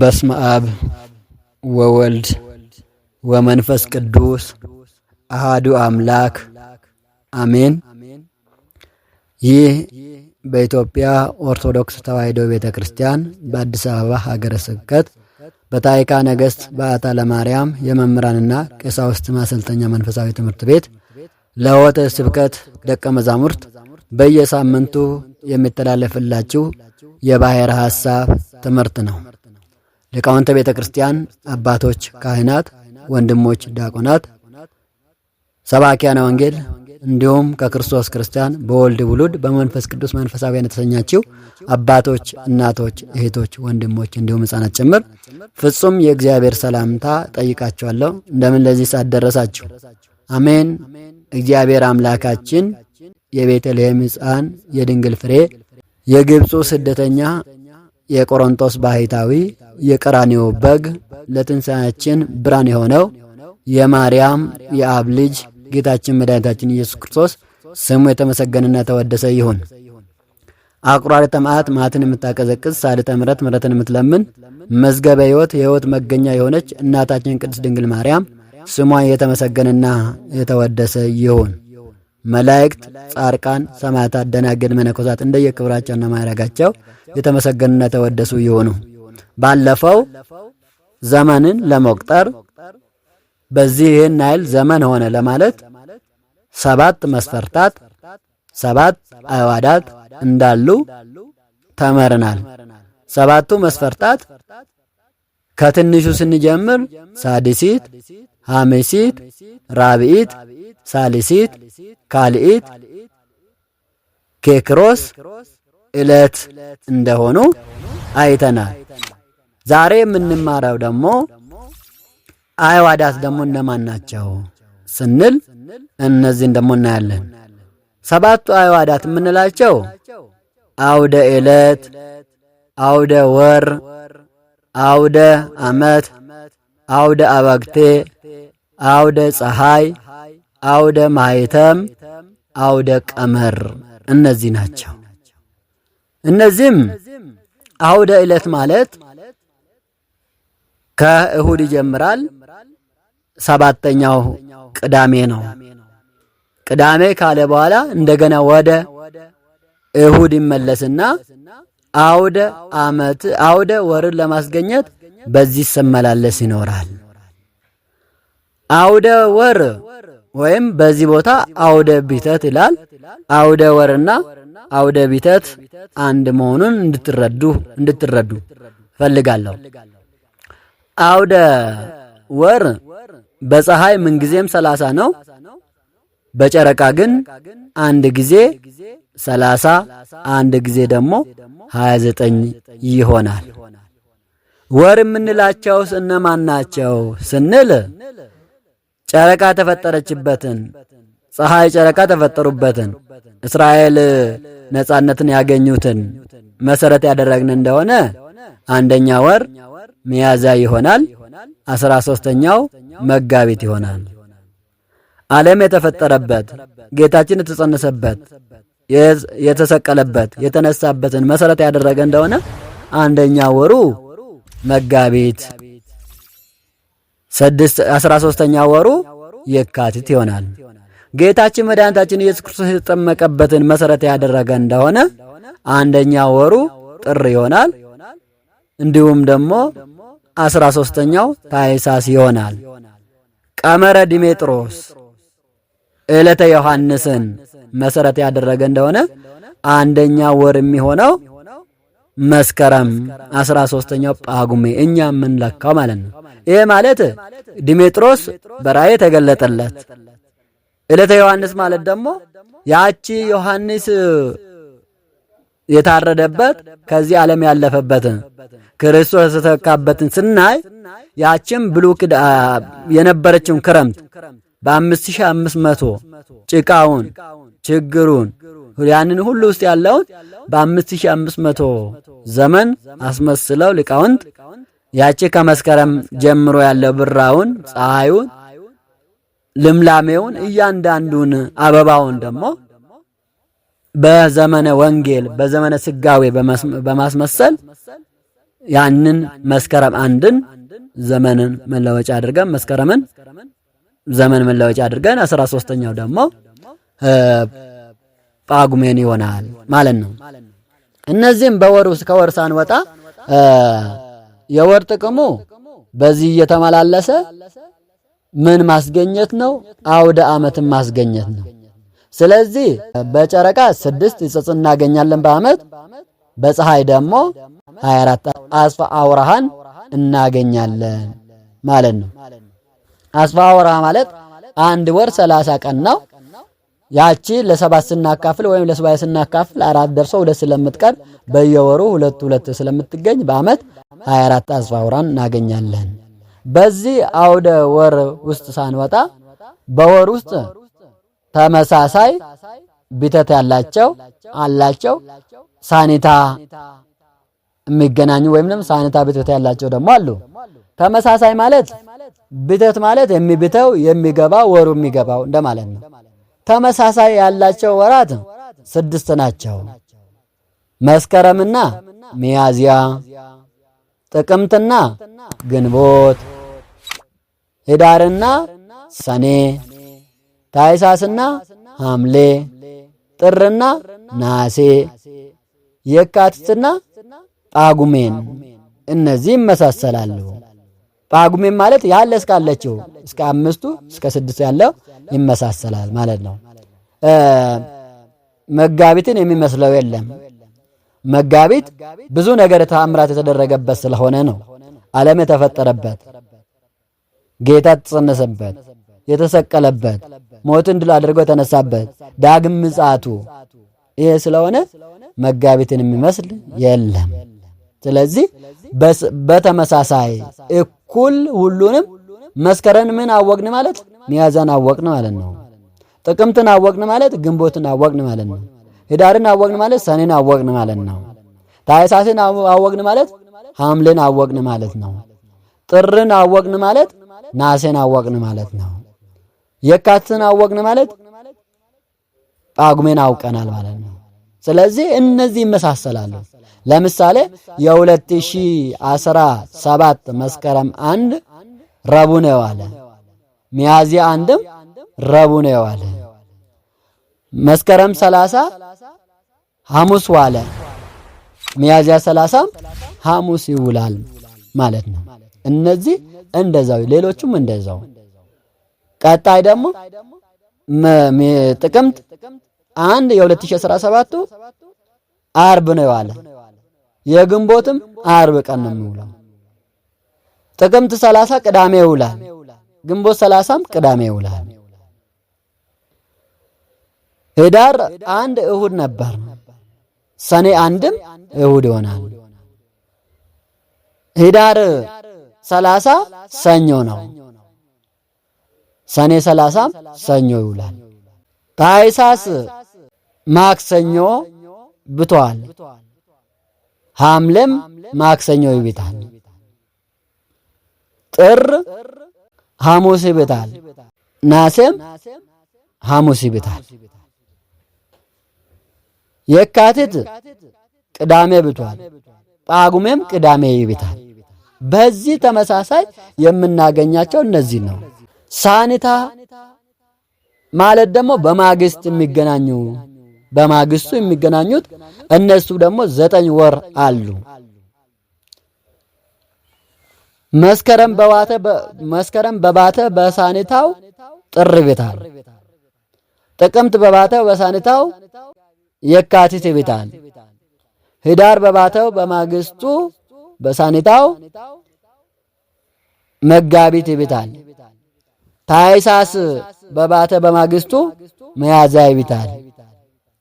በስመ አብ ወወልድ ወመንፈስ ቅዱስ አሃዱ አምላክ አሜን። ይህ በኢትዮጵያ ኦርቶዶክስ ተዋሕዶ ቤተ ክርስቲያን በአዲስ አበባ ሀገረ ስብከት በታዕካ ነገሥት በዓታ ለማርያም የመምህራንና ቀሳውስት ማሰልጠኛ መንፈሳዊ ትምህርት ቤት ለወተ ስብከት ደቀ መዛሙርት በየሳምንቱ የሚተላለፍላችሁ የባሕረ ሐሳብ ትምህርት ነው። ሊቃውንተ ቤተ ክርስቲያን፣ አባቶች ካህናት፣ ወንድሞች ዲያቆናት፣ ሰባኪያነ ወንጌል እንዲሁም ከክርስቶስ ክርስቲያን በወልድ ውሉድ በመንፈስ ቅዱስ መንፈሳዊያን የተሰኛችው አባቶች፣ እናቶች፣ እህቶች፣ ወንድሞች እንዲሁም ሕፃናት ጭምር ፍጹም የእግዚአብሔር ሰላምታ ጠይቃችኋለሁ። እንደምን ለዚህ ሰዓት ደረሳችሁ? አሜን። እግዚአብሔር አምላካችን የቤተልሔም ሕፃን የድንግል ፍሬ የግብፁ ስደተኛ የቆሮንቶስ ባህታዊ የቀራንዮ በግ ለትንሣኤያችን ብርሃን የሆነው የማርያም የአብ ልጅ ጌታችን መድኃኒታችን ኢየሱስ ክርስቶስ ስሙ የተመሰገነና የተወደሰ ይሁን። አቁራሪ ተማዓት ማትን የምታቀዘቅዝ ሳልተ ምሕረት ምሕረትን የምትለምን መዝገበ ሕይወት የሕይወት መገኛ የሆነች እናታችን ቅድስት ድንግል ማርያም ስሟ የተመሰገነና የተወደሰ ይሁን። መላእክት፣ ጻርቃን፣ ሰማዕታት፣ ደናግል፣ መነኮሳት እንደየክብራቸውና ማዕረጋቸው የተመሰገኑና የተወደሱ ይሆኑ። ባለፈው ዘመንን ለመቁጠር በዚህ ይህን ያህል ዘመን ሆነ ለማለት ሰባት መስፈርታት ሰባት አዋዳት እንዳሉ ተመርናል። ሰባቱ መስፈርታት ከትንሹ ስንጀምር ሳድሲት ሐሜሲት፣ ራብዒት፣ ሳልሲት፣ ካልኢት፣ ኬክሮስ ዕለት እንደሆኑ አይተናል። ዛሬ የምንማረው ደግሞ አይዋዳት ደግሞ እነማን ናቸው ስንል እነዚህን ደግሞ እናያለን። ሰባቱ አይዋዳት የምንላቸው አውደ ዕለት፣ አውደ ወር፣ አውደ ዓመት፣ አውደ አበግቴ አውደ ፀሐይ፣ አውደ ማይተም፣ አውደ ቀመር እነዚህ ናቸው። እነዚህም አውደ ዕለት ማለት ከእሁድ ይጀምራል። ሰባተኛው ቅዳሜ ነው። ቅዳሜ ካለ በኋላ እንደገና ወደ እሁድ ይመለስና አውደ ዓመት አውደ ወርን ለማስገኘት በዚህ ስመላለስ ይኖራል። አውደ ወር ወይም በዚህ ቦታ አውደ ቢተት ይላል። አውደ ወርና አውደ ቢተት አንድ መሆኑን እንድትረዱ እንድትረዱ ፈልጋለሁ። አውደ ወር በፀሐይ ምንጊዜም ሰላሳ ነው። በጨረቃ ግን አንድ ጊዜ ሰላሳ አንድ ጊዜ ደግሞ 29 ይሆናል። ወር የምንላቸውስ እነማን ናቸው ስንል ጨረቃ ተፈጠረችበትን፣ ፀሐይ ጨረቃ ተፈጠሩበትን፣ እስራኤል ነጻነትን ያገኙትን መሰረት ያደረግን እንደሆነ አንደኛ ወር ሚያዝያ ይሆናል። አስራ ሦስተኛው መጋቢት ይሆናል። ዓለም የተፈጠረበት ጌታችን የተጸነሰበት የተሰቀለበት የተነሳበትን መሰረት ያደረገ እንደሆነ አንደኛ ወሩ መጋቢት ስድስት አስራ ሦስተኛ ወሩ የካቲት ይሆናል። ጌታችን መድኃኒታችን ኢየሱስ ክርስቶስ የተጠመቀበትን መሠረት ያደረገ እንደሆነ አንደኛ ወሩ ጥር ይሆናል። እንዲሁም ደግሞ አስራ ሦስተኛው ታይሳስ ይሆናል። ቀመረ ዲሜጥሮስ ዕለተ ዮሐንስን መሠረት ያደረገ እንደሆነ አንደኛ ወር የሚሆነው መስከረም አስራ ሶስተኛው ጳጉሜ እኛ የምንለካው ማለት ነው። ይህ ማለት ዲሜጥሮስ በራእይ ተገለጠለት ዕለተ ዮሐንስ ማለት ደግሞ ያቺ ዮሐንስ የታረደበት ከዚህ ዓለም ያለፈበትን ክርስቶስ የተተካበትን ስናይ ያችን ብሉክ የነበረችውን ክረምት በአምስት ሺህ አምስት መቶ ጭቃውን፣ ችግሩን፣ ያንን ሁሉ ውስጥ ያለውን በ5500 ዘመን አስመስለው ሊቃውንት ያቺ ከመስከረም ጀምሮ ያለው ብራውን፣ ፀሐዩን፣ ልምላሜውን እያንዳንዱን አበባውን ደግሞ በዘመነ ወንጌል በዘመነ ስጋዌ በማስመሰል ያንን መስከረም አንድን ዘመንን መለወጫ አድርገን መስከረምን ዘመን መለወጫ አድርገን አስራ ሶስተኛው ደግሞ ጳጉሜን ይሆናል ማለት ነው። እነዚህም በወር ውስጥ ከወር ሳንወጣ የወር ጥቅሙ በዚህ እየተመላለሰ ምን ማስገኘት ነው? አውደ ዓመትን ማስገኘት ነው። ስለዚህ በጨረቃ ስድስት ጽጽ እናገኛለን በዓመት በፀሐይ ደግሞ 24 አስፋ አውራሃን እናገኛለን ማለት ነው። አስፋ አውራሃ ማለት አንድ ወር 30 ቀን ነው። ያቺ ለሰባት ስናካፍል ወይም ለሰባት ስናካፍል አራት ደርሶ ሁለት ስለምትቀር በየወሩ ሁለት ሁለት ስለምትገኝ በአመት 24 አጽፋውራን እናገኛለን። በዚህ አውደ ወር ውስጥ ሳንወጣ በወር ውስጥ ተመሳሳይ ቢተት ያላቸው አላቸው ሳኒታ የሚገናኙ ወይም ሳኒታ ቢተት ያላቸው ደግሞ አሉ። ተመሳሳይ ማለት ቢተት ማለት የሚብተው የሚገባ ወሩ የሚገባው እንደማለት ነው። ተመሳሳይ ያላቸው ወራት ስድስት ናቸው። መስከረምና ሚያዚያ፣ ጥቅምትና ግንቦት፣ ህዳርና ሰኔ፣ ታይሳስና ሐምሌ፣ ጥርና ናሴ፣ የካቲትና ጳጉሜን እነዚህ ይመሳሰላሉ። ጳጉሜም ማለት ያለ እስካለችው እስከ አምስቱ እስከ ስድስቱ ያለው ይመሳሰላል ማለት ነው። መጋቢትን የሚመስለው የለም። መጋቢት ብዙ ነገር ተአምራት የተደረገበት ስለሆነ ነው። ዓለም የተፈጠረበት፣ ጌታ የተጸነሰበት፣ የተሰቀለበት፣ ሞትን ድል አድርጎ የተነሳበት፣ ዳግም ምጽአቱ ይሄ ስለሆነ መጋቢትን የሚመስል የለም። ስለዚህ በተመሳሳይ እኩል ሁሉንም መስከረን ምን አወቅን ማለት ሚያዝያን አወቅን ማለት ነው። ጥቅምትን አወቅን ማለት ግንቦትን አወቅን ማለት ነው። ህዳርን አወቅን ማለት ሰኔን አወቅን ማለት ነው። ታኅሳስን አወቅን ማለት ሐምሌን አወቅን ማለት ነው። ጥርን አወቅን ማለት ናሴን አወቅን ማለት ነው። የካቲትን አወቅን ማለት ጳጉሜን አውቀናል ማለት ነው። ስለዚህ እነዚህ ይመሳሰላሉ። ለምሳሌ የ2017 መስከረም አንድ ረቡዕ ነው የዋለ፣ ሚያዝያ አንድም ረቡዕ ነው የዋለ፣ መስከረም 30 ሐሙስ ዋለ፣ ሚያዝያ 30 ሐሙስ ይውላል ማለት ነው። እነዚህ እንደዛው ሌሎቹም እንደዛው። ቀጣይ ደግሞ ጥቅምት አንድ የ 2017 አርብ ነው የዋለ። የግንቦትም አርብ ቀን ነው የሚውለው። ጥቅምት 30 ቅዳሜ ይውላል። ግንቦት 30ም ቅዳሜ ይውላል። ህዳር አንድ እሁድ ነበር። ሰኔ አንድም እሁድ ይሆናል። ህዳር 30 ሰኞ ነው። ሰኔ 30ም ሰኞ ይውላል። ታኅሳስ ማክሰኞ ብቷል ሐምሌም ማክሰኞ ይብታል። ጥር ሐሙስ ይብታል። ናሴም ሐሙስ ይብታል። የካቲት ቅዳሜ ብቷል። ጳጉሜም ቅዳሜ ይብታል። በዚህ ተመሳሳይ የምናገኛቸው እነዚህ ነው። ሳኒታ ማለት ደግሞ በማግስት የሚገናኙ በማግስቱ የሚገናኙት እነሱ ደግሞ ዘጠኝ ወር አሉ። መስከረም በባተ መስከረም በባተ በሳኔታው ጥር ቤታል ጥቅምት በባተው በሳኔታው የካቲት ቤታል ህዳር በባተው በማግስቱ በሳኔታው መጋቢት ይቤታል። ታይሳስ በባተ በማግስቱ መያዝያ ይቤታል።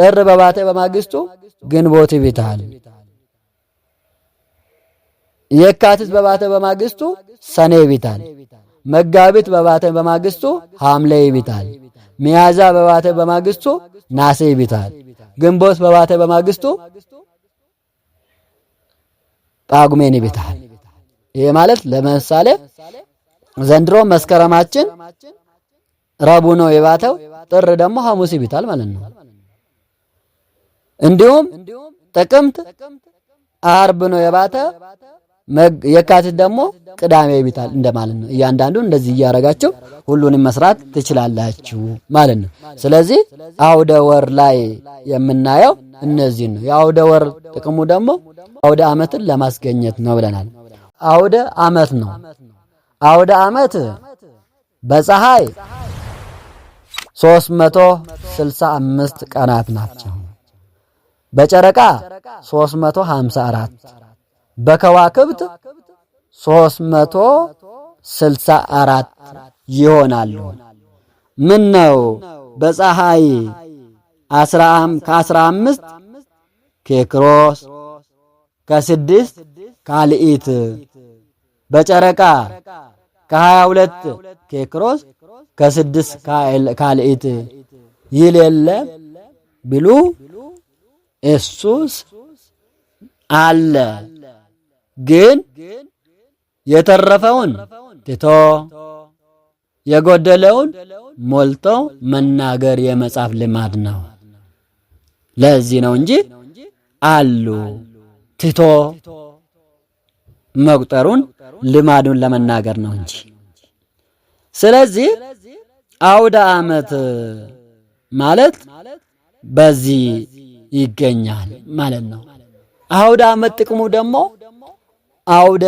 ጥር በባተ በማግስቱ ግንቦት ይብታል። የካቲት በባተ በማግስቱ ሰኔ ይብታል። መጋቢት በባተ በማግስቱ ሐምሌ ይብታል። ሚያዝያ በባተ በማግስቱ ናሴ ይብታል። ግንቦት በባተ በማግስቱ ጳጉሜን ይብታል። ይሄ ማለት ለምሳሌ ዘንድሮ መስከረማችን ረቡዕ ነው የባተው፣ ጥር ደግሞ ሐሙስ ይብታል ማለት ነው። እንዲሁም ጥቅምት አርብ ነው የባተ የካቲት ደግሞ ቅዳሜ ይቢታል እንደማለት ነው። እያንዳንዱ እንደዚህ እያደረጋችሁ ሁሉንም መስራት ትችላላችሁ ማለት ነው። ስለዚህ አውደ ወር ላይ የምናየው እነዚህን ነው። የአውደ ወር ጥቅሙ ደግሞ አውደ ዓመትን ለማስገኘት ነው ብለናል። አውደ ዓመት ነው። አውደ ዓመት በፀሐይ 365 ቀናት ናቸው። በጨረቃ 354 በከዋክብት 364 ይሆናሉ። ምን ነው በፀሐይ 15 ኬክሮስ ከስድስት ካልኢት በጨረቃ ከ22 ኬክሮስ ከስድስት ካልኢት ይል የለ ቢሉ እሱስ አለ ግን የተረፈውን ትቶ የጎደለውን ሞልቶ መናገር የመጻፍ ልማድ ነው። ለዚህ ነው እንጂ አሉ ትቶ መቁጠሩን ልማዱን ለመናገር ነው እንጂ። ስለዚህ አውደ ዓመት ማለት በዚህ ይገኛል ማለት ነው። አውደ ዓመት ጥቅሙ ደግሞ አውደ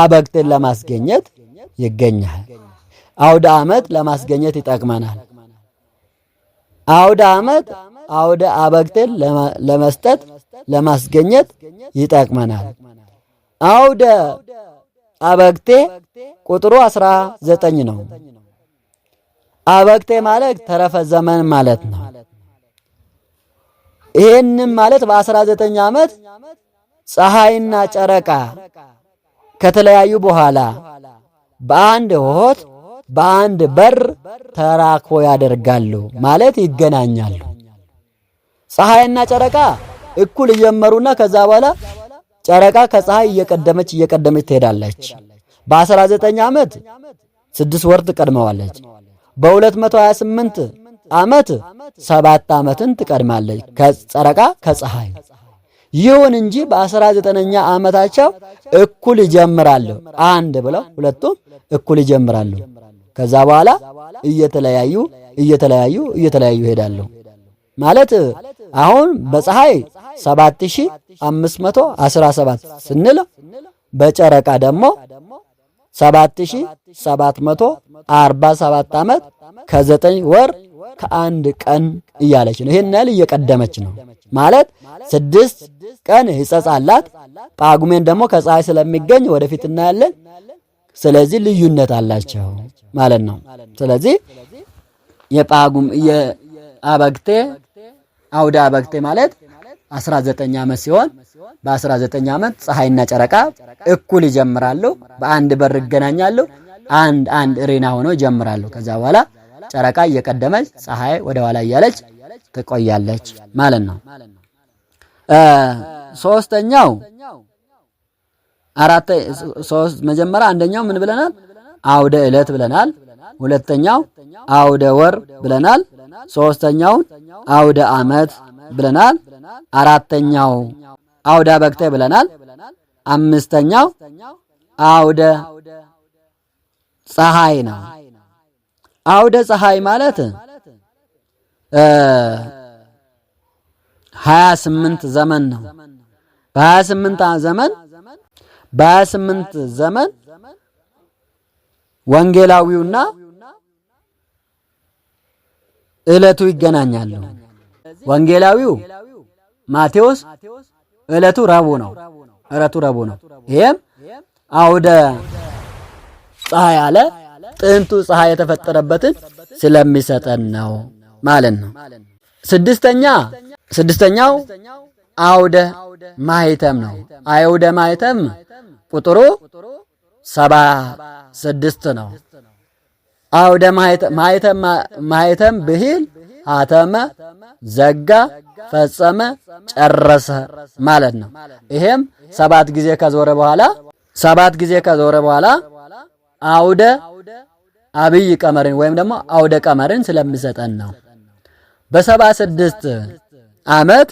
አበግትን ለማስገኘት ይገኛል። አውደ ዓመት ለማስገኘት ይጠቅመናል። አውደ ዓመት አውደ አበግትን ለመስጠት ለማስገኘት ይጠቅመናል። አውደ አበግቴ ቁጥሩ 19 ነው። አበግቴ ማለት ተረፈ ዘመን ማለት ነው። ይሄንም ማለት በ19 ዓመት ፀሐይና ጨረቃ ከተለያዩ በኋላ በአንድ ሆት በአንድ በር ተራኮ ያደርጋሉ ማለት ይገናኛሉ። ፀሐይና ጨረቃ እኩል እየመሩና ከዛ በኋላ ጨረቃ ከፀሐይ እየቀደመች እየቀደመች ትሄዳለች። በ19 ዓመት ስድስት ወር ትቀድመዋለች። በ228 ዓመት ሰባት ዓመትን ትቀድማለች ከጨረቃ ከፀሐይ። ይሁን እንጂ በአስራ ዘጠነኛ ዓመታቸው እኩል ይጀምራሉ። አንድ ብለው ሁለቱም እኩል ይጀምራሉ። ከዛ በኋላ እየተለያዩ እየተለያዩ እየተለያዩ ይሄዳሉ። ማለት አሁን በፀሐይ 7517 ስንል በጨረቃ ደግሞ 7747 ዓመት ከዘጠኝ ወር ከአንድ ቀን እያለች ነው። ይህን ያህል እየቀደመች ነው ማለት ስድስት ቀን ሕጸጽ አላት። ጳጉሜን ደግሞ ከፀሐይ ስለሚገኝ ወደፊት እናያለን። ስለዚህ ልዩነት አላቸው ማለት ነው። ስለዚህ የጳጉም የአበግቴ አውደ አበግቴ ማለት 19 ዓመት ሲሆን በ19 ዓመት ፀሐይና ጨረቃ እኩል ይጀምራሉ። በአንድ በር ይገናኛሉ። አንድ አንድ ሬና ሆነው ይጀምራሉ። ከዛ በኋላ ጨረቃ እየቀደመች ፀሐይ ወደ ኋላ እያለች ትቆያለች ማለት ነው። ሶስተኛው አራተ ሶስት መጀመሪያ አንደኛው ምን ብለናል? አውደ ዕለት ብለናል። ሁለተኛው አውደ ወር ብለናል። ሶስተኛው አውደ ዓመት ብለናል። አራተኛው አውደ በክተ ብለናል። አምስተኛው አውደ ፀሐይ ነው። አውደ ፀሐይ ማለት ሀያ ዘመን ነው። በ በ28 ዘመን በ28 ዘመን ወንጌላዊውና እለቱ ይገናኛሉ። ወንጌላዊው ማቴዎስ እለቱ ረቡዕ ነው። እለቱ ረቡዕ ነው። ይሄም አውደ ፀሐይ አለ። ጥንቱ ፀሐይ የተፈጠረበትን ስለሚሰጠን ነው ማለት ነው። ስድስተኛ ስድስተኛው አውደ ማህተም ነው። አውደ ማህተም ቁጥሩ ሰባ ስድስት ነው። አውደ ማህተም ማህተም ብሂል አተመ ዘጋ ፈጸመ ጨረሰ ማለት ነው። ይሄም ሰባት ጊዜ ከዞረ በኋላ ሰባት ጊዜ ከዞረ በኋላ አውደ አብይ ቀመርን ወይም ደግሞ አውደ ቀመርን ስለሚሰጠን ነው። በሰባ ስድስት ዓመት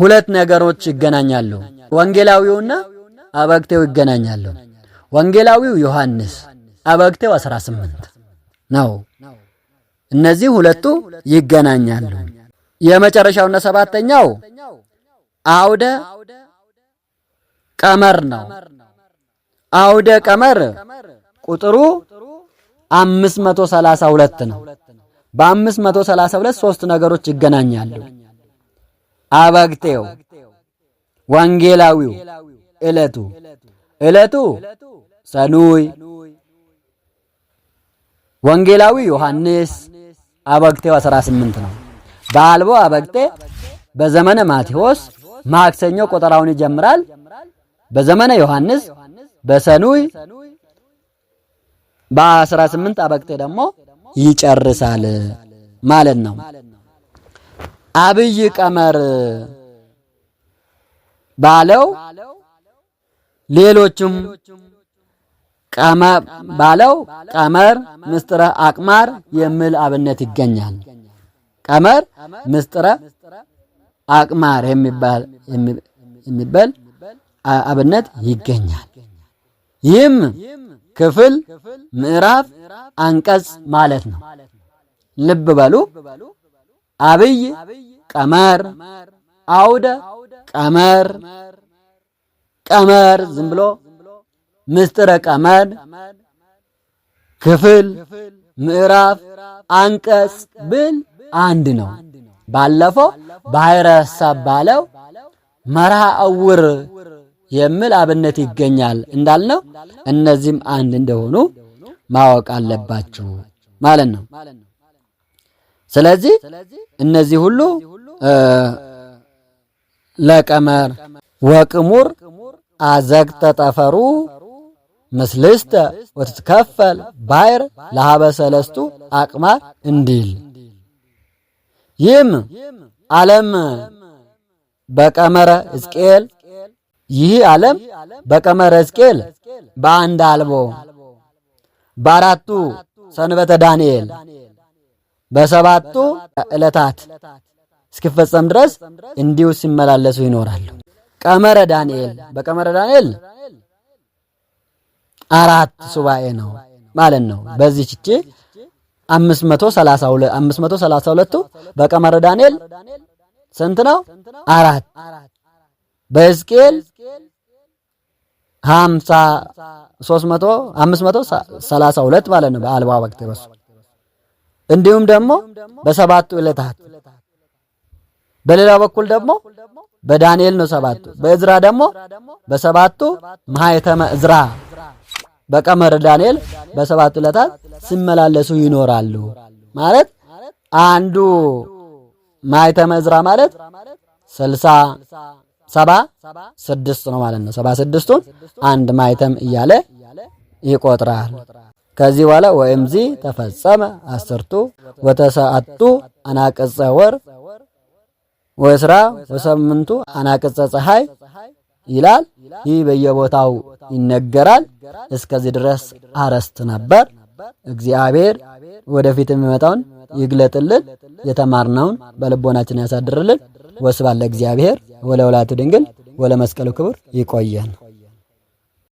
ሁለት ነገሮች ይገናኛሉ። ወንጌላዊውና አበክቴው ይገናኛሉ። ወንጌላዊው ዮሐንስ፣ አበክቴው 18 ነው። እነዚህ ሁለቱ ይገናኛሉ። የመጨረሻውና ሰባተኛው አውደ ቀመር ነው። አውደ ቀመር ቁጥሩ 532 ነው። በ532 ሶስት ነገሮች ይገናኛሉ። አበግቴው፣ ወንጌላዊው፣ እለቱ እለቱ ሰኑይ፣ ወንጌላዊ ዮሐንስ፣ አበግቴው 18 ነው። በአልቦ አበግቴ በዘመነ ማቴዎስ ማክሰኞ ቆጠራውን ይጀምራል። በዘመነ ዮሐንስ በሰኑይ በአስራ ስምንት አበቅቴ ደግሞ ይጨርሳል ማለት ነው። አብይ ቀመር ባለው ሌሎችም ባለው ቀመር ምስጥረ አቅማር የሚል አብነት ይገኛል። ቀመር ምስጥረ አቅማር የሚባል የሚባል አብነት ይገኛል። ይህም ክፍል፣ ምዕራፍ፣ አንቀጽ ማለት ነው። ልብ በሉ። አብይ ቀመር፣ አውደ ቀመር፣ ቀመር ዝም ብሎ ምስጥረ ቀመር፣ ክፍል፣ ምዕራፍ፣ አንቀጽ ብል አንድ ነው። ባለፈው ባሕረ ሐሳብ ባለው መርሃ ዕውር የሚል አብነት ይገኛል እንዳልነው እነዚህም አንድ እንደሆኑ ማወቅ አለባችሁ ማለት ነው። ስለዚህ እነዚህ ሁሉ ለቀመር ወቅሙር አዘግተ ጠፈሩ ምስልስተ ወትትከፈል ባይር ለሀበ ሰለስቱ አቅማ እንዲል ይህም ዓለም በቀመረ ሕዝቅኤል ይህ ዓለም በቀመረ ሕዝቅኤል በአንድ አልቦ በአራቱ ሰንበተ ዳንኤል በሰባቱ ዕለታት እስኪፈጸም ድረስ እንዲሁ ሲመላለሱ ይኖራሉ። ቀመረ ዳንኤል በቀመረ ዳንኤል አራት ሱባኤ ነው ማለት ነው። በዚህ ቺቼ 532 532ቱ በቀመረ ዳንኤል ስንት ነው? አራት በሕዝቅኤል ሀምሳ ሦስት መቶ አምስት መቶ ነው እንዲሁም ደግሞ በሰባቱ ዕለታት በሌላ በኩል ደግሞ በዳንኤል ነው ሰባቱ በእዝራ ደግሞ በሰባቱ ማህተመ እዝራ በቀመር ዳንኤል በሰባቱ ዕለታት ሲመላለሱ ይኖራሉ ማለት አንዱ ማህተመ እዝራ ማለት 60 ሰባ ስድስት ነው ማለት ነው። ሰባ ስድስቱን አንድ ማይተም እያለ ይቆጥራል። ከዚህ በኋላ ወእምዚ ተፈጸመ አስርቱ ወተሰአቱ አናቅጸ ወር ወስራ ወሰምንቱ አናቅጸ ፀሐይ ይላል። ይህ በየቦታው ይነገራል። እስከዚህ ድረስ አረስት ነበር። እግዚአብሔር ወደፊት የሚመጣውን ይግለጥልን፣ የተማርነውን በልቦናችን ያሳድርልን። ወስብሐት ለእግዚአብሔር። ወለወላዲተ ድንግል ወለመስቀሉ ክቡር ይቆየን።